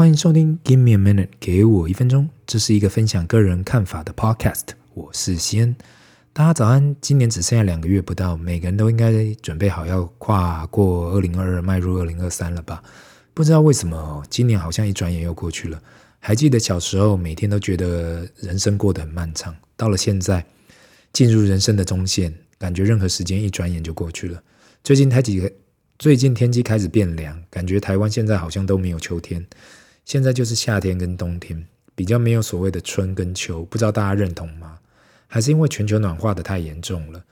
歡迎收聽《Give Me a Minute》，給我一分鐘。這是一個分享個人看法的 Podcast。我是西恩。大家早安！今年只剩下兩個月不到，每個人都應該準備好要跨過二零二二，邁入二零二三了吧？不知道為什麼，今年好像一轉眼又過去了。還記得小時候每天都覺得人生過得很漫長，到了現在進入人生的中線，感覺任何時間一轉眼就過去了。最近天氣，最近天氣開始變涼，感覺台灣現在好像都沒有秋天。現在就是夏天跟冬天比較沒有所謂的春跟秋，不知道大家認同嗎？還是因為全球暖化得太嚴重了，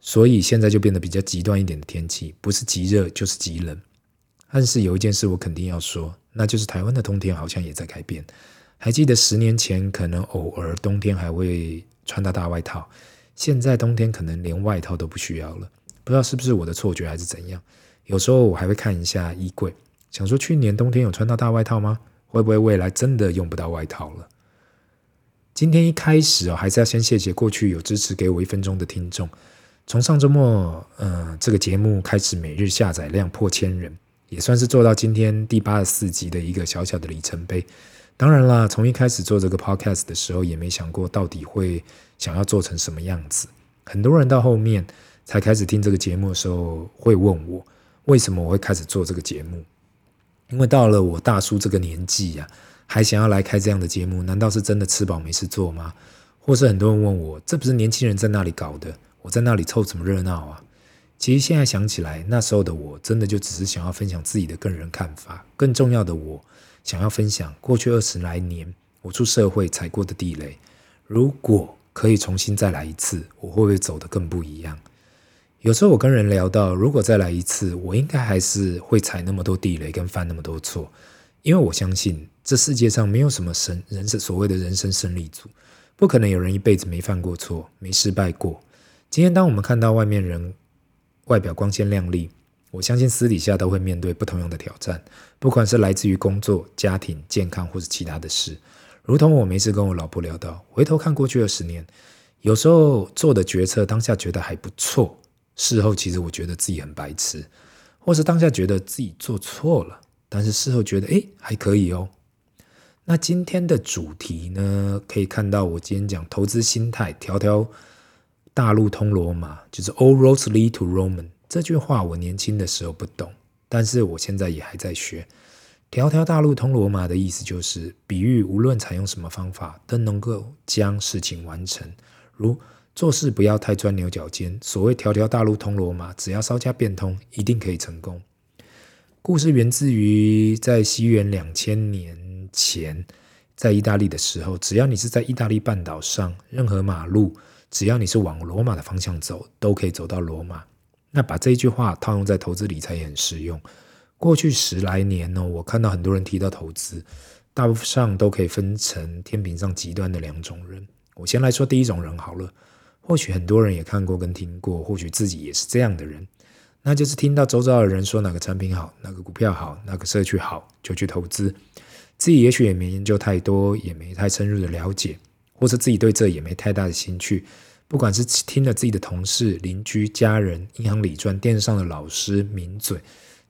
所以現在就變得比較極端一點的天氣，不是極熱就是極冷。但是有一件事我肯定要說，那就是台灣的冬天好像也在改變。還記得十年前可能偶爾冬天還會穿到大外套，現在冬天可能連外套都不需要了。不知道是不是我的錯覺還是怎樣？有時候我還會看一下衣櫃。想說，去年冬天有穿到大外套嗎？會不會未來真的用不到外套了？今天一開始哦，還是要先謝謝過去有支持給我一分鐘的聽眾。從上周末，嗯、呃，這個節目開始，每日下載量破千人，也算是做到今天第八十四集的一個小小的里程碑。當然啦，從一開始做這個 podcast 的時候，也沒想過到底會想要做成什麼樣子。很多人到後面才開始聽這個節目的時候，會問我為什麼我會開始做這個節目。因為到了我大叔這個年紀呀、啊，還想要來開這樣的節目，難道是真的吃飽沒事做嗎？或是很多人問我，這不是年輕人在那裡搞的，我在那裡湊什麼熱鬧啊？其實現在想起來，那時候的我真的就只是想要分享自己的個人看法，更重要的我，我想要分享過去二十來年我出社會踩過的地雷。如果可以重新再來一次，我會不會走得更不一樣？有時候我跟人聊到，如果再來一次，我應該還是會踩那麼多地雷跟犯那麼多錯，因為我相信這世界上沒有什麼神、人生所謂的人生勝利組，不可能有人一輩子沒犯過錯、沒失敗過。今天當我們看到外面人外表光鮮亮麗，我相信私底下都會面對不同樣的挑戰，不管是來自於工作、家庭、健康或者其他的事。如同我每次跟我老婆聊到，回頭看過去二十年，有時候做的決策當下覺得還不錯。事後其實我覺得自己很白痴，或是當下覺得自己做錯了，但是事後覺得哎還可以哦。那今天的主題呢？可以看到我今天講投資心態，條條大路通羅馬，就是 All roads lead to Rome。這句話我年輕的時候不懂，但是我現在也還在學。條條大路通羅馬的意思就是比喻，無論採用什麼方法，都能夠將事情完成，如。做事不要太鑽牛角尖。所謂“條條大路通羅馬”，只要稍加變通，一定可以成功。故事源自於在西元兩千年前，在意大利的時候，只要你是在意大利半島上，任何馬路，只要你是往羅馬的方向走，都可以走到羅馬。那把這一句話套用在投資理財也很適用。過去十來年呢、哦，我看到很多人提到投資，大部分上都可以分成天平上極端的兩種人。我先來說第一種人好了。或許很多人也看過跟聽過，或許自己也是這樣的人，那就是聽到周遭的人說哪個產品好、哪個股票好、哪個社區好，就去投資。自己也許也沒研究太多，也沒太深入的了解，或是自己對這也沒太大的興趣。不管是聽了自己的同事、鄰居、家人、銀行理專、電視上的老師、名嘴，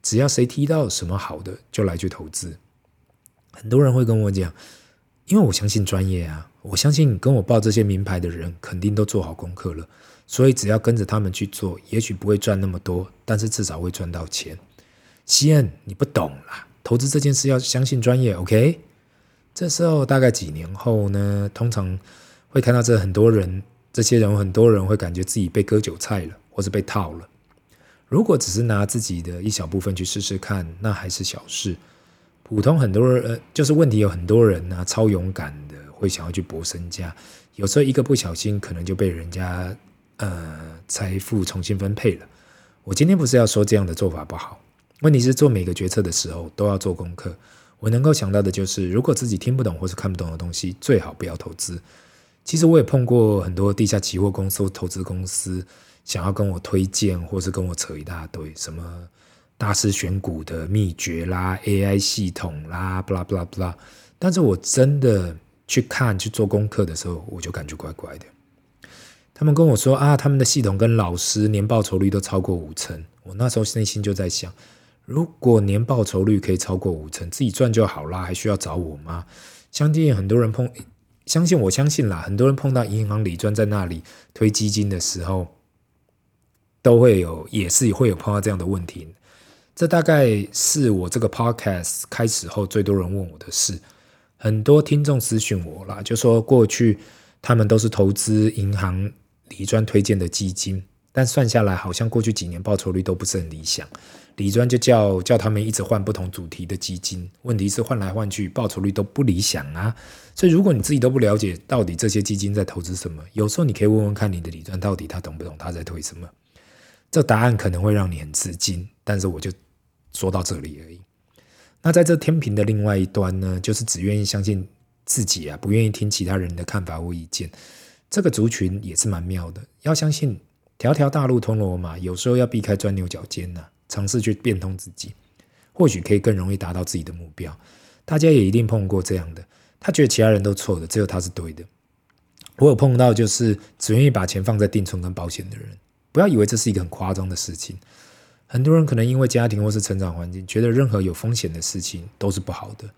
只要誰提到什麼好的，就來去投資。很多人會跟我講，因為我相信專業啊。我相信你跟我報這些名牌的人，肯定都做好功課了，所以只要跟着他們去做，也許不會賺那麼多，但是至少會賺到錢。西恩，你不懂啦，投資這件事要相信專業，OK？這時候大概幾年後呢，通常會看到這很多人，這些人很多人會感覺自己被割韭菜了，或是被套了。如果只是拿自己的一小部分去試試看，那還是小事。普通很多人，呃，就是問題有很多人啊，超勇敢的。會想要去博身家，有時候一個不小心，可能就被人家，呃，財富重新分配了。我今天不是要說這樣的做法不好，問題是做每個決策的時候都要做功課。我能夠想到的就是，如果自己聽不懂或是看不懂的東西，最好不要投資。其實我也碰過很多地下期貨公司、投資公司想要跟我推薦，或是跟我扯一大堆什麼大師選股的秘訣啦、AI 系統啦、blah blah blah，但是我真的。去看去做功課的時候，我就感覺怪怪的。他們跟我說啊，他們的系統跟老師年報酬率都超過五成。我那時候內心就在想，如果年報酬率可以超過五成，自己賺就好啦，還需要找我嗎？相信很多人碰，相信我相信啦，很多人碰到銀行理專在那裡推基金的時候，都會有，也是會有碰到這樣的問題。這大概是我這個 podcast 開始後最多人問我的事。很多聽眾諮詢我了，就說過去他們都是投資銀行理專推薦的基金，但算下來好像過去幾年報酬率，都不是很理想。理專就叫叫他們一直換不同主題的基金，問題是換來換去報酬率都不理想啊。所以如果你自己都不了解到底這些基金在投資什麼，有時候你可以問問看你的理專到底他懂不懂，他在推什麼。這答案可能會讓你很吃驚，但是我就說到這裡而已。那在這天平的另外一端呢，就是只願意相信自己啊，不願意聽其他人的看法或意見。這個族群也是蠻妙的，要相信條條大路通羅馬，有時候要避開鑽牛角尖啊，嘗試去變通自己，或許可以更容易達到自己的目標。大家也一定碰過這樣的，他覺得其他人都錯的，只有他是對的。我有碰到就是只願意把錢放在定存跟保險的人，不要以為這是一個很誇張的事情。很多人可能因為家庭或是成長環境，覺得任何有風險的事情都是不好的。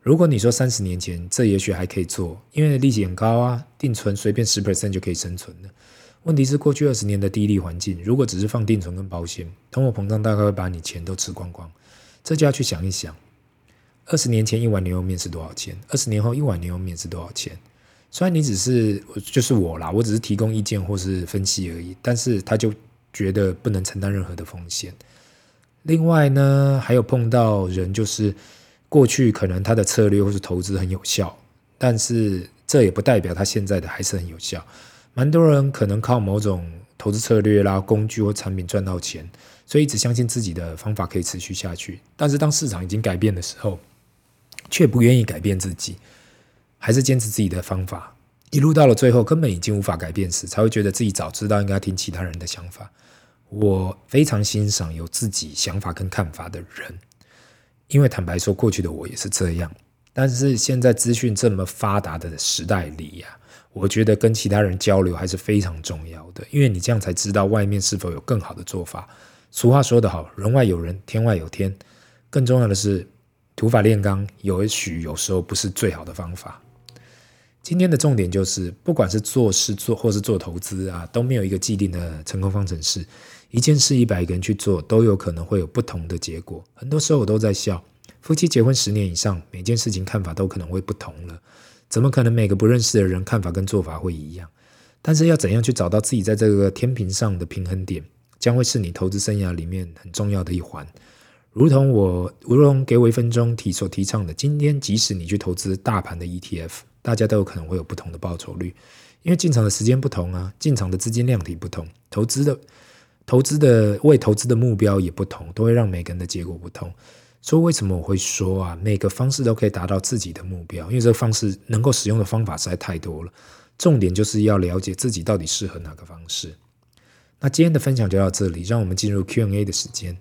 如果你說三十年前，這也許還可以做，因為利息很高啊，定存隨便十 percent 就可以生存了。問題是過去二十年的低利環境，如果只是放定存跟保險，通貨膨脹大概會把你錢都吃光光。這就要去想一想，二十年前一碗牛肉麵是多少錢，二十年後一碗牛肉麵是多少錢。雖然你只是我，就是我啦，我只是提供意見或是分析而已，但是他就。覺得不能承擔任何的風險。另外呢，還有碰到人，就是過去可能他的策略或是投資很有效，但是這也不代表他現在的還是很有效。蠻多人可能靠某種投資策略啦、工具或產品賺到錢，所以一直相信自己的方法可以持續下去。但是當市場已經改變的時候，卻不願意改變自己，還是堅持自己的方法。一路到了最後，根本已經無法改變時，才會覺得自己早知道應該聽其他人的想法。我非常欣賞有自己想法跟看法的人，因為坦白說，過去的我也是這樣。但是現在資訊這麼發達的時代裡呀，我覺得跟其他人交流還是非常重要的，因為你這樣才知道外面是否有更好的做法。俗話說得好，“人外有人，天外有天。”更重要的是，土法煉鋼，也許有時候不是最好的方法。今天的重點就是，不管是做事做或是做投資啊，都沒有一個既定的成功方程式。一件事一百個人去做，都有可能會有不同的結果。很多時候我都在笑，夫妻結婚十年以上，每件事情看法都可能會不同了，怎麼可能每個不認識的人看法跟做法會一樣？但是要怎樣去找到自己在這個天平上的平衡點，將會是你投資生涯裡面很重要的一環。如同我如同給我一分鐘提所提倡的，今天即使你去投資大盤的 ETF。大家都有可能會有不同的報酬率，因為進場的時間不同啊，進場的資金量體不同，投資的、投資的未投資的目標也不同，都會讓每個人的結果不同。所以為什麼我會說啊，每個方式都可以達到自己的目標，因為這個方式能夠使用的方法實在太多了。重點就是要了解自己到底適合哪個方式。那今天的分享就到這裡，讓我們進入 Q&A 的時間。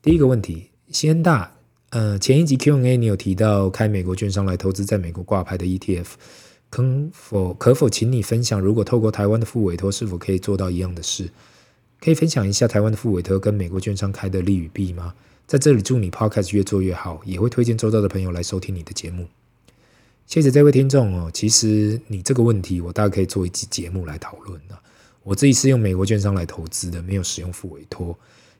第一個問題，先大。呃，前一集 Q&A 你有提到開美國券商來投資在美國掛牌的 ETF，可否可否請你分享，如果透過台灣的副委託是否可以做到一樣的事？可以分享一下台灣的副委託跟美國券商開的利與弊嗎？在這裡祝你 Podcast 越做越好，也會推薦周遭的朋友來收聽你的節目。謝謝這位聽眾哦，其實你這個問題我大概可以做一集節目來討論。我自己是用美國券商來投資的，沒有使用副委託。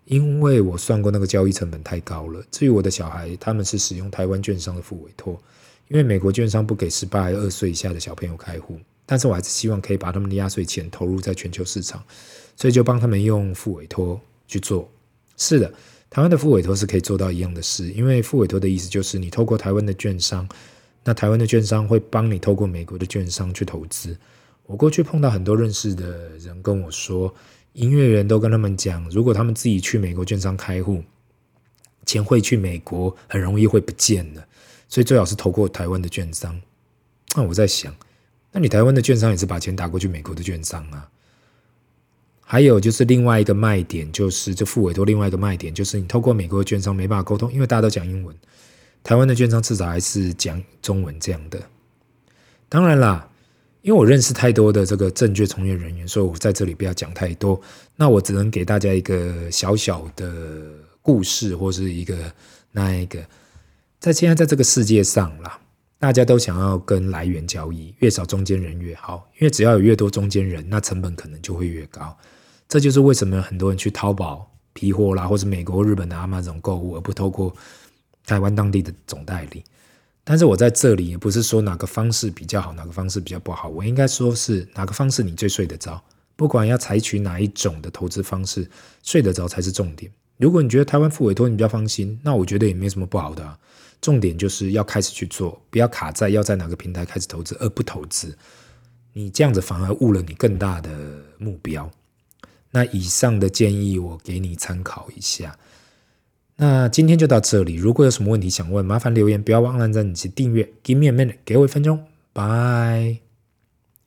因為我算過那個交易成本太高了。至於我的小孩，他們是使用台灣券商的複委託，因為美國券商不給十八二歲以下的小朋友開戶。但是我還是希望可以把他們的壓歲錢投入在全球市場，所以就幫他們用複委託去做。是的，台灣的複委託是可以做到一樣的事，因為複委託的意思就是你透過台灣的券商，那台灣的券商會幫你透過美國的券商去投資。我過去碰到很多認識的人跟我說。音樂人都跟他們講，如果他們自己去美國券商開戶，錢會去美國，很容易會不見了，所以最好是透過台灣的券商。那、啊、我在想，那你台灣的券商也是把錢打過去美國的券商啊？還有就是另外一個賣點、就是，就是這複委託另外一個賣點，就是你透過美國的券商沒辦法溝通，因為大家都講英文，台灣的券商至少還是講中文這樣的。當然啦。因為我認識太多的這個證券從業人員，所以我在這裡不要講太多。那我只能給大家一個小小的故事，或是一個那一個，在現在在這個世界上啦，大家都想要跟來源交易，越少中間人越好，因為只要有越多中間人，那成本可能就會越高。這就是為什麼很多人去淘寶批貨啦，或是美國、日本的亞馬遜購物，而不透過台灣當地的總代理。但是我在這裡也不是說哪個方式比較好，哪個方式比較不好，我應該說是哪個方式你最睡得着。不管要採取哪一種的投資方式，睡得着才是重點。如果你覺得台灣複委託你比較放心，那我覺得也沒什麼不好的啊。重點就是要開始去做，不要卡在要在哪個平台開始投資而不投資，你這樣子反而誤了你更大的目標。那以上的建議我給你參考一下。那今天就到這裡。如果有什麼問題想問，麻煩留言，不要忘了按讚以及訂閱。Give me a minute，給我一分鐘。拜。